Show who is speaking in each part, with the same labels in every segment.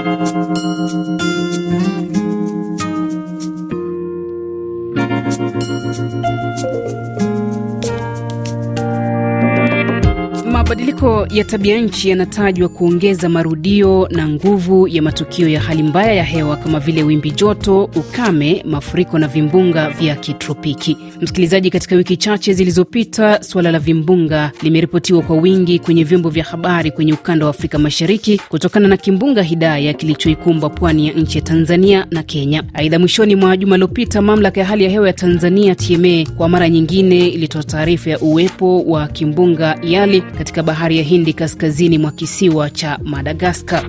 Speaker 1: Thank you. Mabadiliko ya tabia nchi yanatajwa kuongeza marudio na nguvu ya matukio ya hali mbaya ya hewa kama vile wimbi joto, ukame, mafuriko na vimbunga vya kitropiki. Msikilizaji, katika wiki chache zilizopita, suala la vimbunga limeripotiwa kwa wingi kwenye vyombo vya habari kwenye ukanda wa Afrika Mashariki kutokana na kimbunga Hidaya kilichoikumba pwani ya nchi ya Tanzania na Kenya. Aidha, mwishoni mwa juma lilopita, mamlaka ya hali ya hewa ya Tanzania TMA kwa mara nyingine ilitoa taarifa ya uwepo wa kimbunga Yali katika bahari bahari ya Hindi kaskazini mwa kisiwa cha Madagaskar.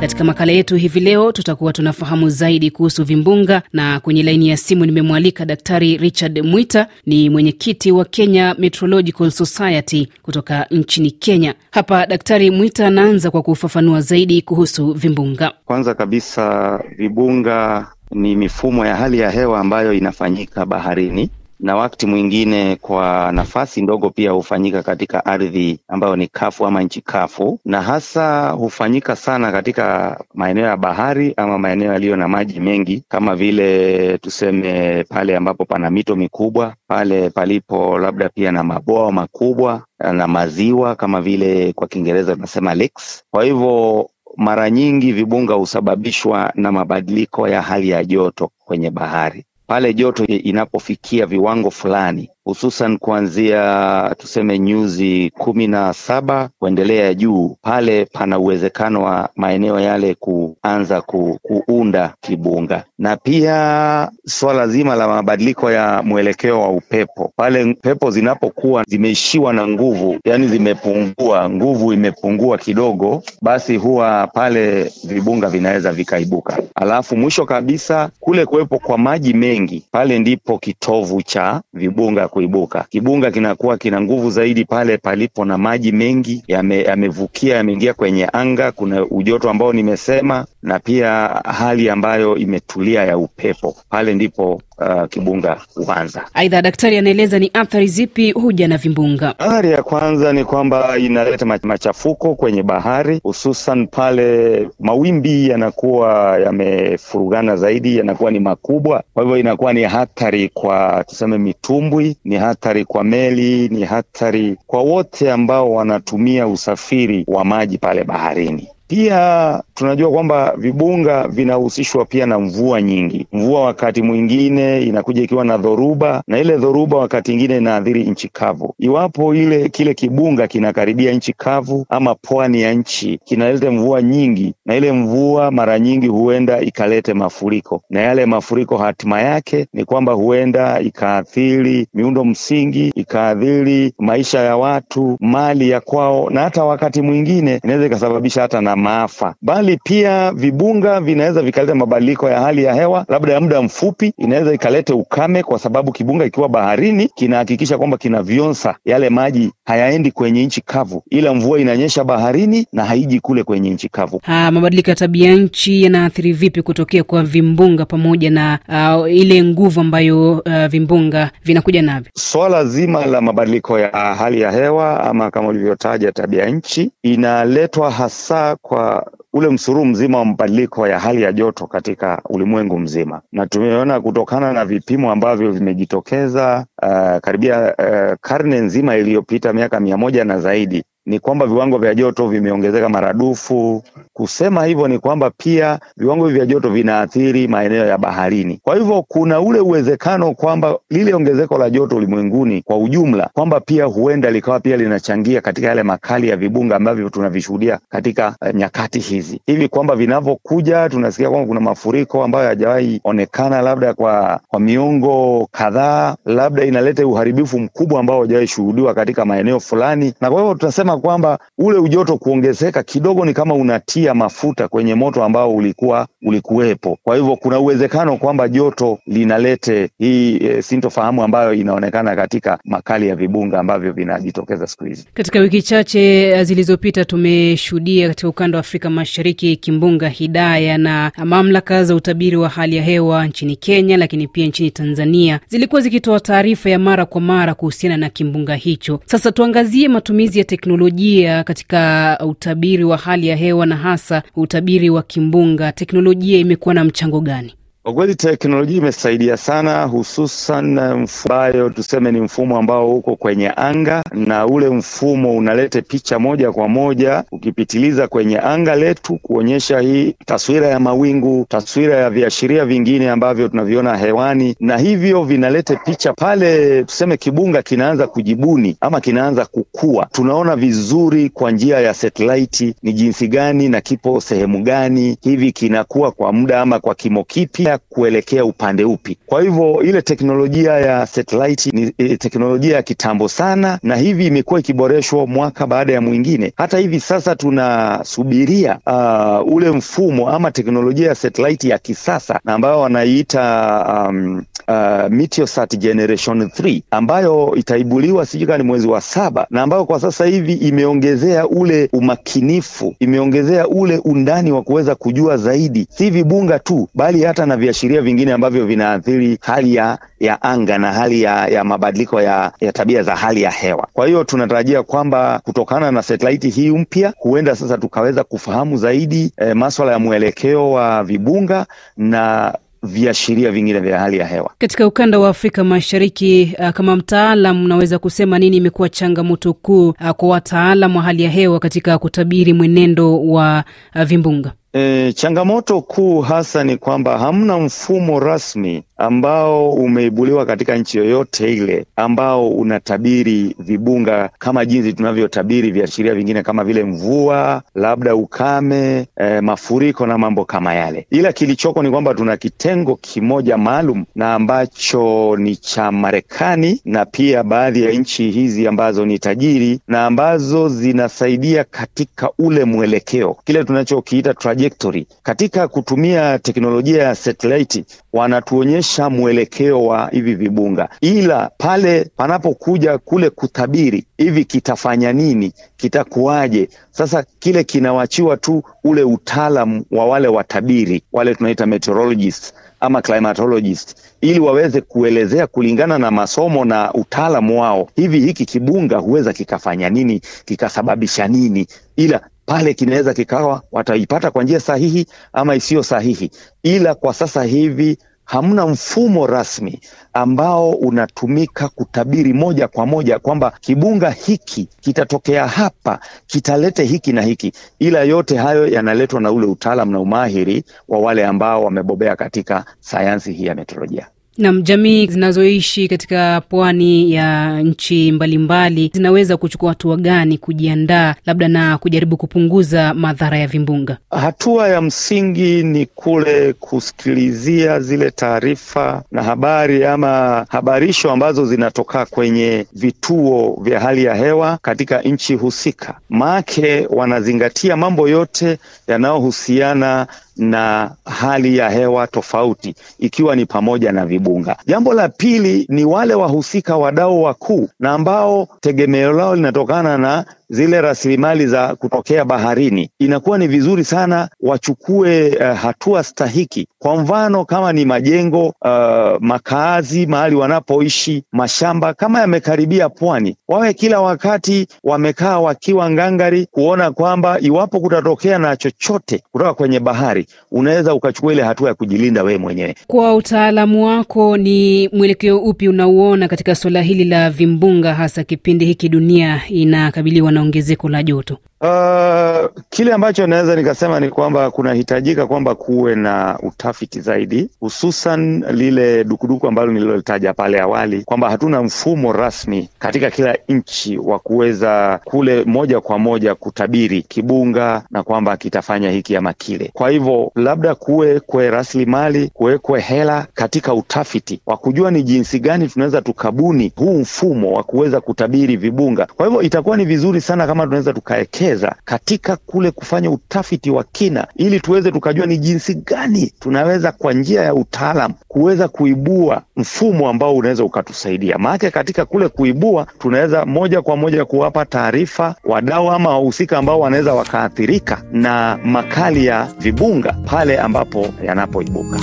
Speaker 1: Katika makala yetu hivi leo tutakuwa tunafahamu zaidi kuhusu vimbunga, na kwenye laini ya simu nimemwalika Daktari Richard Mwita, ni mwenyekiti wa Kenya Meteorological Society kutoka nchini Kenya. Hapa Daktari Mwita anaanza kwa kufafanua zaidi kuhusu vimbunga.
Speaker 2: Kwanza kabisa, vibunga ni mifumo ya hali ya hewa ambayo inafanyika baharini na wakati mwingine kwa nafasi ndogo pia hufanyika katika ardhi ambayo ni kafu ama nchi kafu, na hasa hufanyika sana katika maeneo ya bahari ama maeneo yaliyo na maji mengi, kama vile tuseme pale ambapo pana mito mikubwa, pale palipo labda pia na mabwawa makubwa na maziwa, kama vile kwa Kiingereza tunasema lakes. Kwa hivyo mara nyingi vibunga husababishwa na mabadiliko ya hali ya joto kwenye bahari pale joto inapofikia viwango fulani hususan kuanzia tuseme nyuzi kumi na saba kuendelea juu, pale pana uwezekano wa maeneo yale kuanza ku, kuunda kibunga, na pia swala zima la mabadiliko ya mwelekeo wa upepo pale pepo zinapokuwa zimeishiwa na nguvu, yani zimepungua nguvu, imepungua kidogo, basi huwa pale vibunga vinaweza vikaibuka. Alafu mwisho kabisa kule kuwepo kwa maji mengi, pale ndipo kitovu cha vibunga kuibuka. Kibunga kinakuwa kina nguvu zaidi pale palipo na maji mengi yamevukia, ya yameingia kwenye anga. Kuna ujoto ambao nimesema, na pia hali ambayo imetulia ya upepo, pale ndipo uh, kibunga kwanza.
Speaker 1: Aidha, daktari anaeleza ni athari zipi huja na vimbunga. Athari ya kwanza ni kwamba inaleta
Speaker 2: machafuko kwenye bahari, hususan pale mawimbi yanakuwa yamefurugana zaidi, yanakuwa ni makubwa. Kwa hivyo inakuwa ni hatari kwa tuseme mitumbwi, ni hatari kwa meli, ni hatari kwa wote ambao wanatumia usafiri wa maji pale baharini. Pia tunajua kwamba vibunga vinahusishwa pia na mvua nyingi. Mvua wakati mwingine inakuja ikiwa na dhoruba, na ile dhoruba wakati ingine inaathiri nchi kavu. Iwapo ile kile kibunga kinakaribia nchi kavu ama pwani ya nchi, kinaleta mvua nyingi, na ile mvua mara nyingi huenda ikalete mafuriko, na yale mafuriko hatima yake ni kwamba huenda ikaathiri miundo msingi, ikaathiri maisha ya watu, mali ya kwao, na hata wakati mwingine inaweza ikasababisha hata na maafa, bali pia vibunga vinaweza vikaleta mabadiliko ya hali ya hewa, labda ya muda mfupi. Inaweza ikalete ukame, kwa sababu kibunga ikiwa baharini kinahakikisha kwamba kinavionsa yale maji, hayaendi kwenye nchi kavu, ila mvua inanyesha baharini na haiji kule kwenye nchi kavu.
Speaker 1: Ha, mabadiliko ya tabia nchi yanaathiri vipi kutokea kwa vimbunga pamoja na uh, ile nguvu ambayo uh, vimbunga vinakuja navyo?
Speaker 2: Swala zima la mabadiliko ya hali ya hewa ama kama ulivyotaja tabia nchi inaletwa hasa kwa ule msururu mzima wa mabadiliko ya hali ya joto katika ulimwengu mzima, na tumeona kutokana na vipimo ambavyo vimejitokeza uh, karibia uh, karne nzima iliyopita miaka mia moja na zaidi ni kwamba viwango vya joto vimeongezeka maradufu. Kusema hivyo ni kwamba pia viwango vya joto vinaathiri maeneo ya baharini. Kwa hivyo kuna ule uwezekano kwamba lile ongezeko la joto ulimwenguni kwa ujumla kwamba pia huenda likawa pia linachangia katika yale makali ya vibunga ambavyo tunavishuhudia katika eh, nyakati hizi hivi, kwamba vinavyokuja tunasikia kwamba kuna mafuriko ambayo hayajawahi onekana labda kwa, kwa miongo kadhaa, labda inaleta uharibifu mkubwa ambao hajawahi shuhudiwa katika maeneo fulani, na kwa hivyo tunasema kwamba ule ujoto kuongezeka kidogo ni kama unatia mafuta kwenye moto ambao ulikuwa ulikuwepo. Kwa hivyo kuna uwezekano kwamba joto linalete hii e, sintofahamu ambayo inaonekana katika makali ya vibunga ambavyo vinajitokeza siku hizi.
Speaker 1: Katika wiki chache e, zilizopita, tumeshuhudia katika ukanda wa Afrika Mashariki kimbunga Hidaya, na mamlaka za utabiri wa hali ya hewa nchini Kenya lakini pia nchini Tanzania zilikuwa zikitoa taarifa ya mara kwa mara kuhusiana na kimbunga hicho. Sasa tuangazie matumizi ya teknolojia teknolojia katika utabiri wa hali ya hewa na hasa utabiri wa kimbunga, teknolojia imekuwa na mchango gani?
Speaker 2: Kwa kweli teknolojia imesaidia sana, hususan ambayo eh, tuseme ni mfumo ambao uko kwenye anga, na ule mfumo unalete picha moja kwa moja ukipitiliza kwenye anga letu, kuonyesha hii taswira ya mawingu, taswira ya viashiria vingine ambavyo tunaviona hewani, na hivyo vinalete picha pale, tuseme kibunga kinaanza kujibuni ama kinaanza kukua, tunaona vizuri kwa njia ya satelaiti ni jinsi gani na kipo sehemu gani, hivi kinakuwa kwa muda ama kwa kimo kipi kuelekea upande upi. Kwa hivyo ile teknolojia ya satellite ni e, teknolojia ya kitambo sana, na hivi imekuwa ikiboreshwa mwaka baada ya mwingine. Hata hivi sasa tunasubiria uh, ule mfumo ama teknolojia ya satellite ya kisasa na ambayo wanaiita um, uh, Meteosat Generation 3 ambayo itaibuliwa sijui kama ni mwezi wa saba, na ambayo kwa sasa hivi imeongezea ule umakinifu, imeongezea ule undani wa kuweza kujua zaidi, si vibunga tu bali hata na viashiria vingine ambavyo vinaathiri hali ya, ya anga na hali ya, ya mabadiliko ya, ya tabia za hali ya hewa. Kwa hiyo tunatarajia kwamba kutokana na satelaiti hii mpya huenda sasa tukaweza kufahamu zaidi e, maswala ya mwelekeo wa vibunga na viashiria vingine vya hali ya hewa
Speaker 1: katika ukanda wa Afrika Mashariki. Uh, kama mtaalam, unaweza kusema nini imekuwa changamoto kuu uh, kwa wataalam wa hali ya hewa katika kutabiri mwenendo wa uh, vimbunga?
Speaker 2: E, changamoto kuu hasa ni kwamba hamna mfumo rasmi ambao umeibuliwa katika nchi yoyote ile ambao unatabiri vibunga kama jinsi tunavyotabiri viashiria vingine kama vile mvua, labda ukame, e, mafuriko na mambo kama yale. Ila kilichoko ni kwamba tuna kitengo kimoja maalum na ambacho ni cha Marekani na pia baadhi ya nchi hizi ambazo ni tajiri na ambazo zinasaidia katika ule mwelekeo kile tunachokiita trajectory. Katika kutumia teknolojia ya satellite wanatuonyesha mwelekeo wa hivi vibunga, ila pale panapokuja kule kutabiri hivi kitafanya nini, kitakuwaje, sasa kile kinawachiwa tu ule utaalam wa wale watabiri wale tunaita meteorologist ama climatologist ili waweze kuelezea kulingana na masomo na utaalamu wao, hivi hiki kibunga huweza kikafanya nini, kikasababisha nini, ila pale kinaweza kikawa wataipata kwa njia sahihi ama isiyo sahihi, ila kwa sasa hivi hamna mfumo rasmi ambao unatumika kutabiri moja kwa moja kwamba kibunga hiki kitatokea hapa, kitalete hiki na hiki, ila yote hayo yanaletwa na ule utaalam na umahiri wa wale ambao wamebobea katika sayansi hii ya meteorolojia.
Speaker 1: Nam, jamii zinazoishi katika pwani ya nchi mbalimbali zinaweza kuchukua hatua gani kujiandaa labda na kujaribu kupunguza madhara ya vimbunga?
Speaker 2: Hatua ya msingi ni kule kusikilizia zile taarifa na habari ama habarisho ambazo zinatoka kwenye vituo vya hali ya hewa katika nchi husika, maake wanazingatia mambo yote yanayohusiana na hali ya hewa tofauti, ikiwa ni pamoja na vibunga. Jambo la pili ni wale wahusika wadau wakuu na ambao tegemeo lao linatokana na zile rasilimali za kutokea baharini, inakuwa ni vizuri sana wachukue uh, hatua stahiki. Kwa mfano kama ni majengo uh, makaazi, mahali wanapoishi, mashamba kama yamekaribia pwani, wawe kila wakati wamekaa wakiwa ngangari, kuona kwamba iwapo kutatokea na chochote kutoka kwenye bahari, unaweza ukachukua ile hatua ya kujilinda wewe mwenyewe.
Speaker 1: Kwa utaalamu wako, ni mwelekeo upi unauona katika suala hili la vimbunga, hasa kipindi hiki dunia inakabiliwa na ongezeko la joto.
Speaker 2: Uh, kile ambacho naweza nikasema ni kwamba kunahitajika kwamba kuwe na utafiti zaidi, hususan lile dukuduku ambalo nililolitaja pale awali kwamba hatuna mfumo rasmi katika kila nchi wa kuweza kule moja kwa moja kutabiri kibunga na kwamba kitafanya hiki ama kile. Kwa hivyo labda kuwekwe rasilimali, kuwekwe hela katika utafiti wa kujua ni jinsi gani tunaweza tukabuni huu mfumo wa kuweza kutabiri vibunga. Kwa hivyo itakuwa ni vizuri sana kama tunaweza tukaekea tumepoteza katika kule kufanya utafiti wa kina, ili tuweze tukajua ni jinsi gani tunaweza kwa njia ya utaalam kuweza kuibua mfumo ambao unaweza ukatusaidia. Maanake katika kule kuibua, tunaweza moja kwa moja kuwapa taarifa wadau ama wahusika ambao wanaweza wakaathirika na makali ya vibunga pale ambapo yanapoibuka.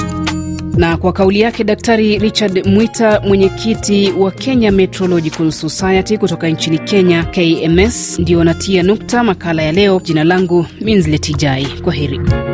Speaker 1: Na kwa kauli yake Daktari Richard Mwita, mwenyekiti wa Kenya Metrological Society kutoka nchini Kenya, KMS, ndio anatia nukta makala ya leo. Jina langu Minzletijai, kwa heri.